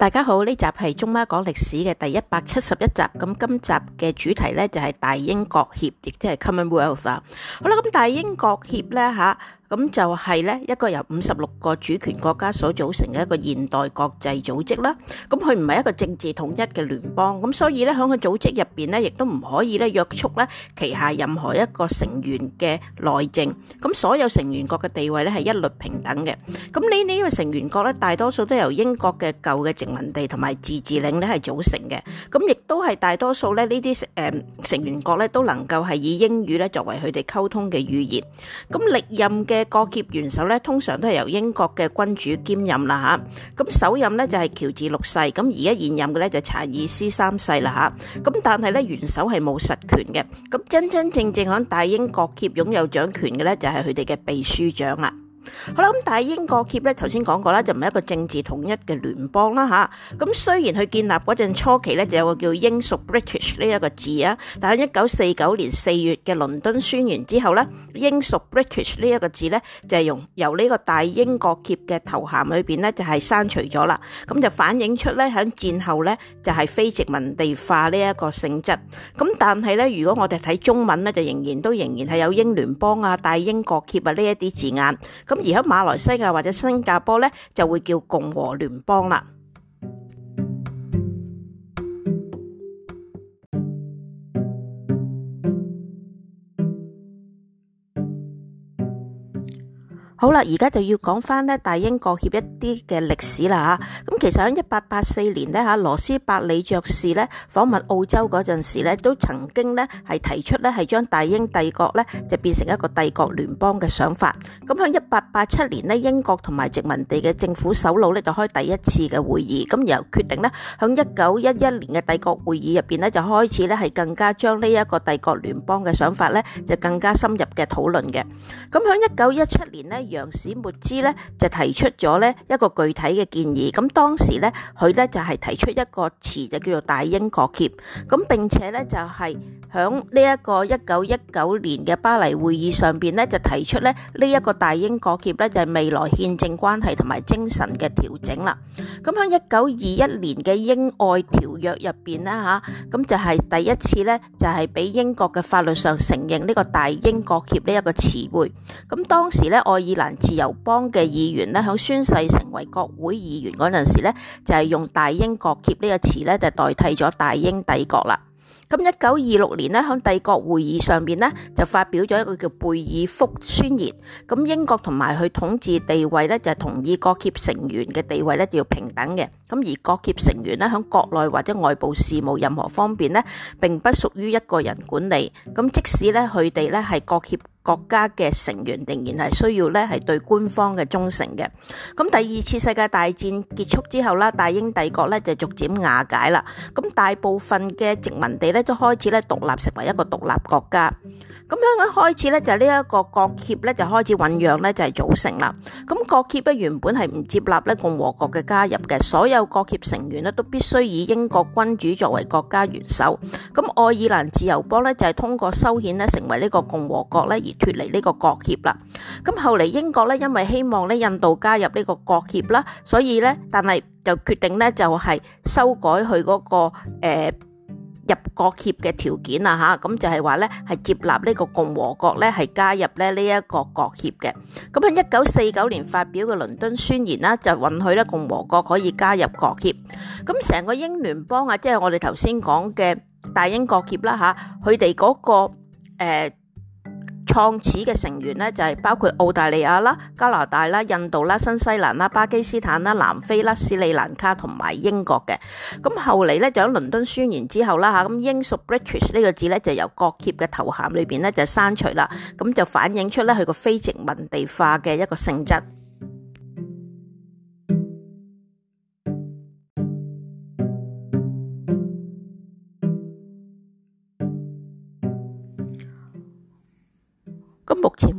大家好，呢集係中媽講歷史嘅第一百七十一集，咁今集嘅主題呢就係大英國協，亦即係 Commonwealth 啦。好啦，咁大英國協呢。咁就係咧一個由五十六個主權國家所組成嘅一個現代國際組織啦。咁佢唔係一個政治統一嘅聯邦，咁所以咧喺佢組織入邊咧，亦都唔可以咧約束咧旗下任何一個成員嘅內政。咁所有成員國嘅地位咧係一律平等嘅。咁呢呢個成員國咧大多數都由英國嘅舊嘅殖民地同埋自治領咧係組成嘅。咁亦都係大多數咧呢啲誒成員國咧都能夠係以英語咧作為佢哋溝通嘅語言。咁歷任嘅國協元首咧通常都係由英國嘅君主兼任啦，吓，咁首任咧就係喬治六世，咁而家現任嘅咧就查爾斯三世啦，吓，咁但係咧元首係冇實權嘅，咁真真正正響大英國協擁有掌權嘅咧就係佢哋嘅秘書長啦。好啦，咁大英國協咧，頭先講過啦，就唔係一個政治統一嘅聯邦啦吓。咁雖然佢建立嗰陣初期咧，就有個叫英屬 British 呢一個字啊，但喺一九四九年四月嘅倫敦宣言之後咧，英屬 British 呢一個字咧就係用由呢個大英國協嘅頭銜裏邊咧就係刪除咗啦。咁就反映出咧喺戰後咧就係非殖民地化呢一個性質。咁但係咧，如果我哋睇中文咧，就仍然都仍然係有英聯邦啊、大英國協啊呢一啲字眼咁。而喺馬來西亞或者新加坡呢，就會叫共和聯邦啦。好啦，而家就要講翻呢大英國協一啲嘅歷史啦嚇。咁其實喺一八八四年呢，嚇，羅斯伯里爵士呢訪問澳洲嗰陣時呢，都曾經呢係提出呢係將大英帝國呢就變成一個帝國聯邦嘅想法。咁喺一八八七年呢，英國同埋殖民地嘅政府首腦呢就開第一次嘅會議，咁然後決定呢，喺一九一一年嘅帝國會議入邊呢，就開始呢係更加將呢一個帝國聯邦嘅想法呢就更加深入嘅討論嘅。咁喺一九一七年呢。楊史末之呢，就提出咗呢一個具體嘅建議，咁當時呢，佢呢就係、是、提出一個詞就叫做《大英國協》，咁並且呢，就係、是。喺呢一個一九一九年嘅巴黎會議上邊咧，就提出咧呢一個大英國協咧就係未來憲政關係同埋精神嘅調整啦。咁喺一九二一年嘅英愛條約入邊咧吓，咁就係第一次咧就係俾英國嘅法律上承認呢個大英國協呢一個詞彙。咁當時咧愛爾蘭自由邦嘅議員咧喺宣誓成為國會議員嗰陣時咧，就係用大英國協呢個詞咧就代替咗大英帝國啦。咁一九二六年咧，響帝國會議上邊咧就發表咗一個叫貝爾福宣言。咁英國同埋佢統治地位咧就係、同意國協成員嘅地位咧要、就係、平等嘅。咁而國協成員咧響國內或者外部事務任何方面咧，並不屬於一個人管理。咁即使咧佢哋咧係國協。國家嘅成員仍然係需要咧，係對官方嘅忠誠嘅。咁第二次世界大戰結束之後啦，大英帝國咧就逐漸瓦解啦。咁大部分嘅殖民地咧都開始咧獨立成為一個獨立國家。咁樣一開始咧，就呢一個國協咧就開始醖釀咧，就係組成啦。咁國協咧原本係唔接納咧共和國嘅加入嘅，所有國協成員咧都必須以英國君主作為國家元首。咁愛爾蘭自由邦咧就係通過修憲咧成為呢個共和國咧而脱離呢個國協啦。咁後嚟英國咧因為希望咧印度加入呢個國協啦，所以咧但係就決定咧就係修改佢嗰、那個、呃入國協嘅條件啊，嚇，咁就係話咧係接納呢個共和國咧係加入咧呢一個國協嘅。咁喺一九四九年發表嘅倫敦宣言啦，就允許咧共和國可以加入國協。咁成個英聯邦啊，即係我哋頭先講嘅大英國協啦嚇，佢哋嗰個、呃創始嘅成員咧就係包括澳大利亞啦、加拿大啦、印度啦、新西蘭啦、巴基斯坦啦、南非啦、斯里蘭卡同埋英國嘅。咁後嚟咧就喺倫敦宣言之後啦嚇，咁英屬 British 呢個字咧就由國協嘅頭銜裏邊咧就刪除啦，咁就反映出咧佢個非殖民地化嘅一個性質。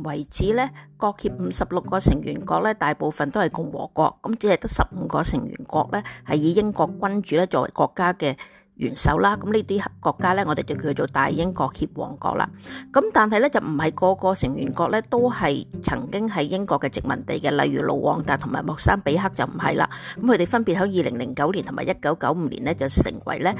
為止咧，國協五十六個成員國咧，大部分都係共和國，咁只係得十五個成員國咧，係以英國君主咧作為國家嘅元首啦。咁呢啲國家咧，我哋就叫做大英國協王國啦。咁但係咧，就唔係個個成員國咧都係曾經係英國嘅殖民地嘅，例如盧旺達同埋莫桑比克就唔係啦。咁佢哋分別喺二零零九年同埋一九九五年咧，就成為咧呢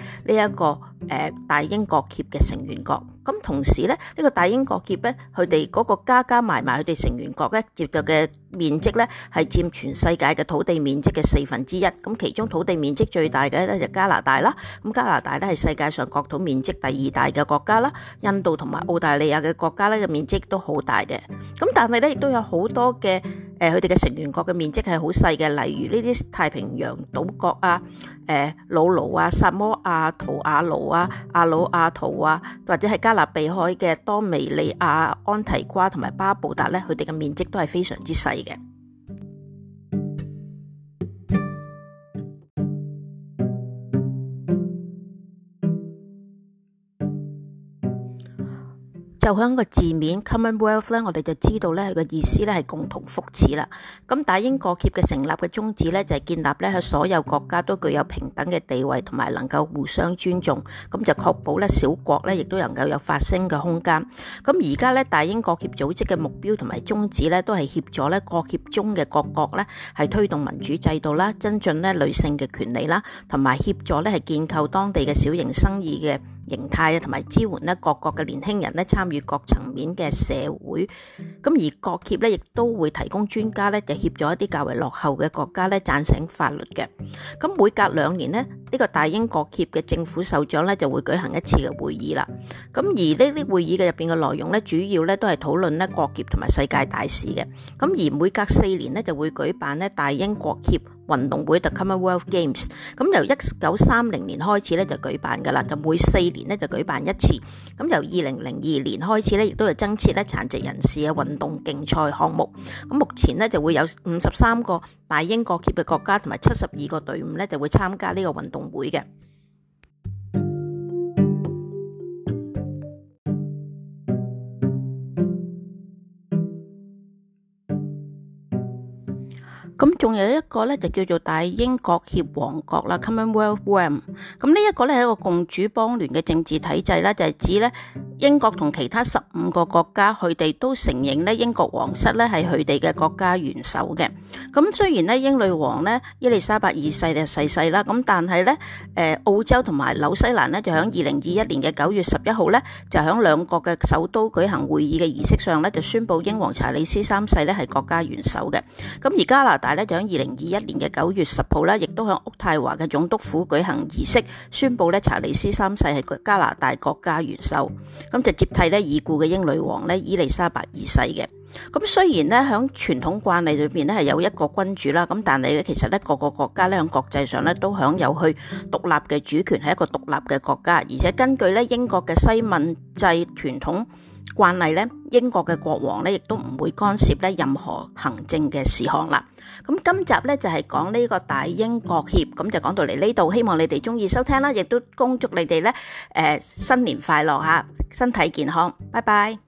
一個誒大英國協嘅成員國。咁同時咧，呢個大英國協咧，佢哋嗰個加加埋埋佢哋成員國咧，接就嘅面積咧，係佔全世界嘅土地面積嘅四分之一。咁其中土地面積最大嘅咧就加拿大啦。咁加拿大咧係世界上國土面積第二大嘅國家啦。印度同埋澳大利亞嘅國家咧嘅面積都好大嘅。咁但係咧，亦都有好多嘅。誒佢哋嘅成員國嘅面積係好細嘅，例如呢啲太平洋島國啊，誒瑙魯啊、薩摩亞、啊、圖瓦盧啊、阿魯阿、啊、圖啊，或者係加勒比海嘅多米利亞、安提瓜同埋巴布達咧，佢哋嘅面積都係非常之細嘅。就喺個字面 Commonwealth 咧，我哋就知道咧佢嘅意思咧係共同福祉啦。咁大英國協嘅成立嘅宗旨咧就係建立咧喺所有國家都具有平等嘅地位同埋能夠互相尊重，咁就確保咧小國咧亦都能夠有發聲嘅空間。咁而家咧大英國協組織嘅目標同埋宗旨咧都係協助咧國協中嘅各國咧係推動民主制度啦、增進咧女性嘅權利啦，同埋協助咧係建構當地嘅小型生意嘅。形態啊，同埋支援咧，各國嘅年輕人咧參與各層面嘅社會。咁而國協咧，亦都會提供專家咧，就協助一啲較為落後嘅國家咧，贊成法律嘅。咁每隔兩年呢，呢個大英國協嘅政府首長呢就會舉行一次嘅會議啦。咁而呢啲會議嘅入邊嘅內容呢，主要呢都係討論呢國協同埋世界大事嘅。咁而每隔四年呢，就會舉辦呢大英國協運動會 The Commonwealth Games，咁由一九三零年開始咧就舉辦㗎喇，就每四年咧就舉辦一次。咁由二零零二年開始咧，亦都有增設咧殘疾人士嘅運動競賽項目。咁目前咧就會有五十三個大英國協嘅國家同埋七十二個隊伍咧就會參加呢個運動會嘅。咁仲有一個咧，就叫做大英國協王國啦 （Commonwealth w e a l m 咁呢一個咧係一個共主邦聯嘅政治體制啦，就係、是、指咧，英國同其他十五個國家，佢哋都承認咧英國皇室咧係佢哋嘅國家元首嘅。咁雖然咧英女王咧伊麗莎白二世就逝世啦，咁但係咧誒澳洲同埋紐西蘭咧就喺二零二一年嘅九月十一號咧就喺兩國嘅首都舉行會議嘅儀式上咧就宣布英皇查理斯三世咧係國家元首嘅。咁而加拿大咧就喺二零二一年嘅九月十號咧亦都喺渥太華嘅總督府舉行儀式，宣布咧查理斯三世係加拿大國家元首。咁直接替咧已故嘅英女王咧伊麗莎白二世嘅，咁雖然咧喺傳統慣例裏邊咧係有一個君主啦，咁但係咧其實咧各個國家咧喺國際上咧都享有去獨立嘅主權，係一個獨立嘅國家，而且根據咧英國嘅西敏制傳統。慣例咧，英國嘅國王咧亦都唔會干涉咧任何行政嘅事項啦。咁今集咧就係講呢個大英國協，咁就講到嚟呢度。希望你哋鍾意收聽啦，亦都恭祝你哋咧誒新年快樂吓，身體健康，拜拜。